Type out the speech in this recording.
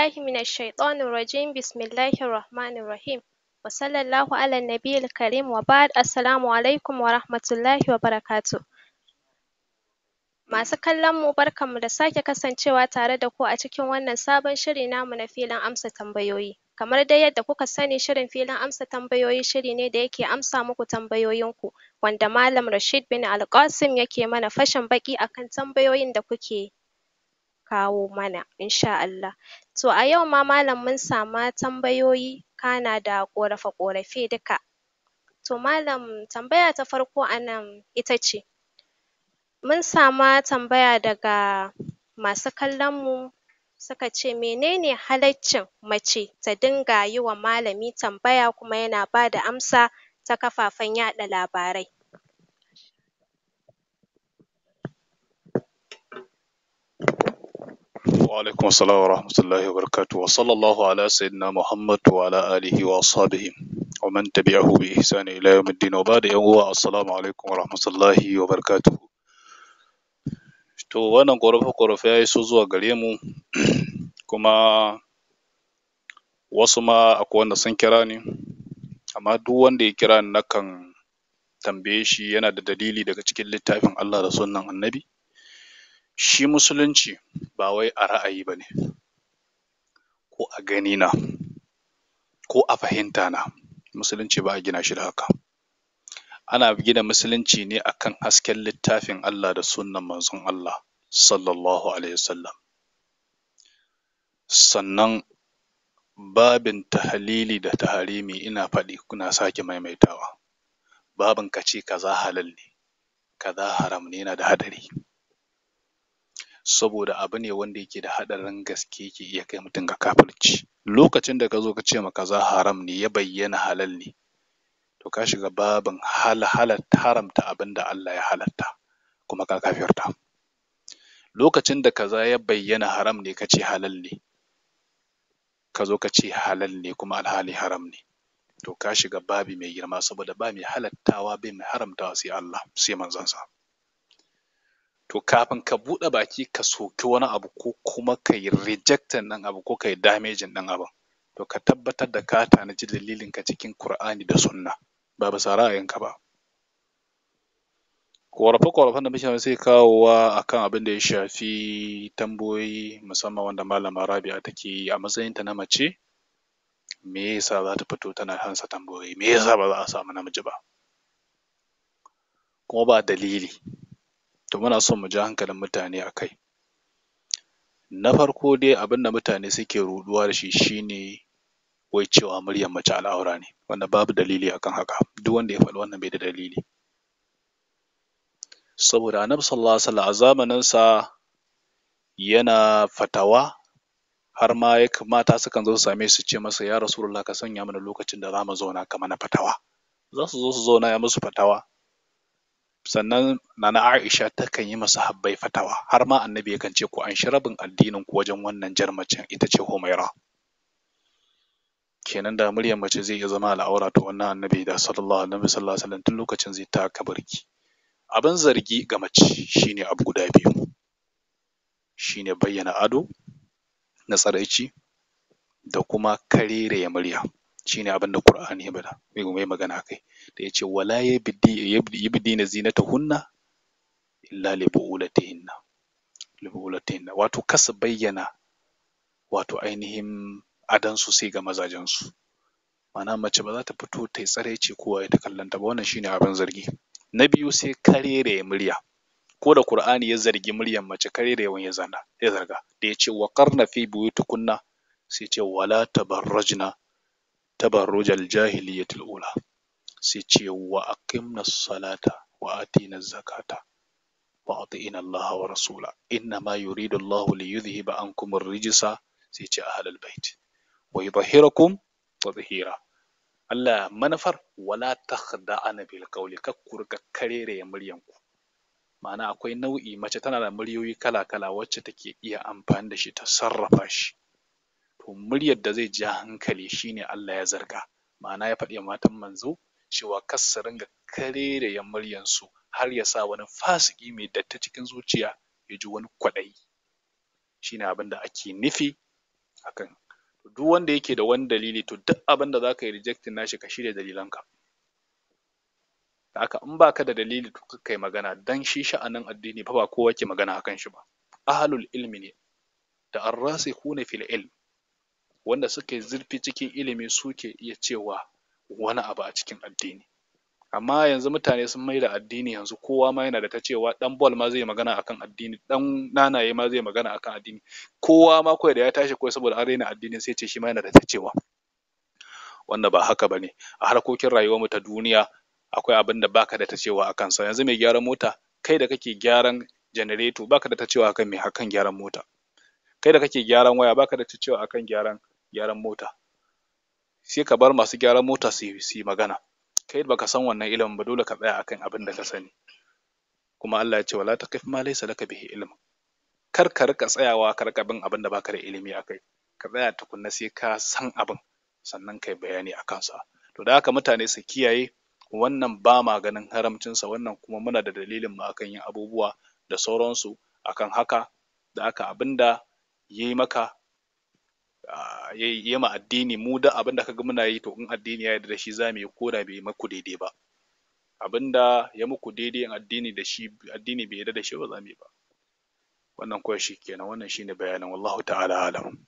بالله من الشيطان الرجيم بسم الله الرحمن الرحيم وصلى الله على النبي الكريم وبعد السلام عليكم ورحمة الله وبركاته Masu kallon mu barkanmu da sake kasancewa tare da ku a cikin wannan sabon shiri namu na filin amsa tambayoyi kamar dai yadda kuka sani shirin filin amsa tambayoyi shiri ne da yake amsa muku tambayoyinku wanda Malam Rashid bin Alƙasim yake mana fashin baki akan tambayoyin da kuke yi kawo mana insha Allah. To a yau ma malam mun sama tambayoyi kana da ƙorafe-ƙorafe duka. To malam tambaya ta farko a nan ita ce, mun sama tambaya daga masu kallon mu suka ce menene ne halaccin mace ta dinga yi wa malami tambaya kuma yana ba da amsa ta kafafen yaɗa labarai? Wa alaikum assalam wa rahmatullahi wa barakatuh. Wa sallallahu ala sayyidina Muhammad wa ala alihi wa ashabihi wa man tabi'ahu bi ihsani ila yawmiddin wa ba'da uwa wa rahmatullahi wa To wannan ƙorafe ƙorafe ya iso zuwa gare mu kuma wasu ma akwai wanda sun kira ni amma duk wanda ya kira ni nakan tambaye shi yana da dalili daga cikin littafin Allah da sunnan Annabi Shi musulunci ba wai a ra'ayi ba ne, ko a gani na, ko a fahimta na, musulunci ba a gina shi da haka. Ana gina musulunci ne akan hasken littafin Allah da sunnan manzon Allah sallallahu alaihi wasallam. Sannan babin tahalili da taharimi ina faɗi ina sake maimaitawa, babin ka ce kaza halal ne, kaza haram ne yana da haɗari. saboda abu ne wanda yake da haɗarin gaske yake iya kai mutum ga kafirci lokacin da ka zo ka ce ma kaza haram ne ya bayyana halal ne to ka shiga babin halatta haramta abin da Allah ya halatta kuma ka kafirta lokacin da kaza ya bayyana haram ne ka ce halal ne ka zo ka ce halal ne kuma alhali haram ne to ka shiga babi mai girma saboda ba mai halattawa bai mai haramtawa sai Allah sai manzansa to kafin ka buɗe baki ka soki wani abu ko kuma ka yi rejectin ɗin abu ko ka yi damejin ɗin abu to ka tabbatar da ka tanaji dalilin ka cikin Kur'ani da Sunna ba bisa ra'ayinka ba ƙorafe-ƙorafen da muke sai kawowa kan abin da ya shafi tambayoyi musamman wanda malama Rabi'a take yi a matsayinta na mace me yasa za ta fito tana hansa tambayoyi me yasa ba za a samu namiji ba kuma ba dalili to muna son mu ji hankalin mutane a kai na farko dai abin da mutane suke ruduwa da shi shine wai cewa muryar mace al'aura ne wanda babu dalili akan haka duk wanda ya faɗi wannan bai da dalili saboda annabi sallallahu alaihi wasallam a zamaninsa yana fatawa har ma mata sukan zo su same su ce masa ya rasulullah ka sanya mana lokacin da za mu zauna kamar na fatawa za su zo su zauna ya musu fatawa sannan nana Aisha takan yi masahabbai fatawa har ma annabi yakan ce ku An shi rabin addinin ku wajen wannan jar macen ita ce Humaira kenan da muryar mace zai iya zama al'aura to wannan annabi da sallallahu alaihi wasallam tun lokacin zai ta kabarki abin zargi ga mace shine abu guda biyu shine bayyana ado na tsaraici da kuma kareraya murya shi ne abin da Ƙur'ani ya faɗa ya yi magana kai da ya ce wala yubdina zinatahunna illa li bu'ulatihinna li bu'ulatihinna wato kasa bayyana wato ainihin adansu sai ga mazajensu ma'ana mace ba za ta fito ta yi ko kowa ya ta kallon ta ba wannan shine abin zargi na biyu sai karereye murya ko da Qur'ani ya zargi muryan mace karerewan ya zanna ya zarga da yace ce wa qarna fi buyutikunna sai ce wala tabarrajna تبرج الجاهلية الأولى sai ce wa aqimna salata wa atina zakata wa ati'ina Allah wa rasula inna ma yuridu Allah li yudhhiba ankum ar-rijsa sai ce ahlul bait wa yudhhirakum tadhhira Allah manafar wala takhda'ana bil qawli kakkurka karere muryanku ma'ana akwai nau'i mace tana da muryoyi kala kala wacce take iya amfani da shi ta sarrafa shi to muryar da zai ja hankali shine Allah ya zarga ma'ana ya faɗi matan manzo cewa kar su ringa karerayar muryarsu har ya sa wani fasiki mai datti cikin zuciya ya ji wani kwaɗayi shine abin da ake nufi akan duk wanda yake da wani dalili to duk abin da za ka yi rejectin nashi ka shirya dalilanka haka in baka da dalili to kai magana dan shi sha'anin addini fa ba kowa ke magana akan shi ba ahlul ilmi ne da arrasikuna fil ilm wanda suka yi zurfi cikin ilimi suke iya cewa wani abu a cikin addini amma yanzu mutane sun mai da addini yanzu kowa ma yana da ta cewa dan bol ma zai magana akan addini dan nanaye ma zai magana akan addini kowa ma kawai da ya tashi kawai saboda an raina addini sai ce shi ma yana da ta cewa wanda ba haka bane a harkokin rayuwarmu ta duniya akwai abin da baka da ta cewa a kansa yanzu mai gyaran mota kai da kake gyaran janareto baka da ta cewa akan mai hakan gyaran mota kai da kake gyaran waya baka da ta cewa akan gyaran gyaran mota sai ka bar masu gyaran mota su yi magana kai baka san wannan ilimin ba dole ka tsaya akan abin da ka sani kuma Allah ya ce wala taqif ma laysa laka bihi ilm kar ka rika tsayawa ka rika bin abin da baka da ilimi akai ka tsaya tukunna sai ka san abin sannan kai bayani a kansa to da haka mutane su kiyaye wannan ba ma ganin haramcinsa wannan kuma muna da dalilin mu akan yin abubuwa da sauransu akan haka da haka abinda ya yi maka Ah, ya ma addini mu da abin da kaga muna yi to in addini ya yarda da shi za mu yi ko da bai maku daidai ba abin da ya muku daidai in addini da shi addini bai yarda da shi ba za mu yi ba wannan kawai shi kenan wannan shine bayanin Allahu ta'ala alam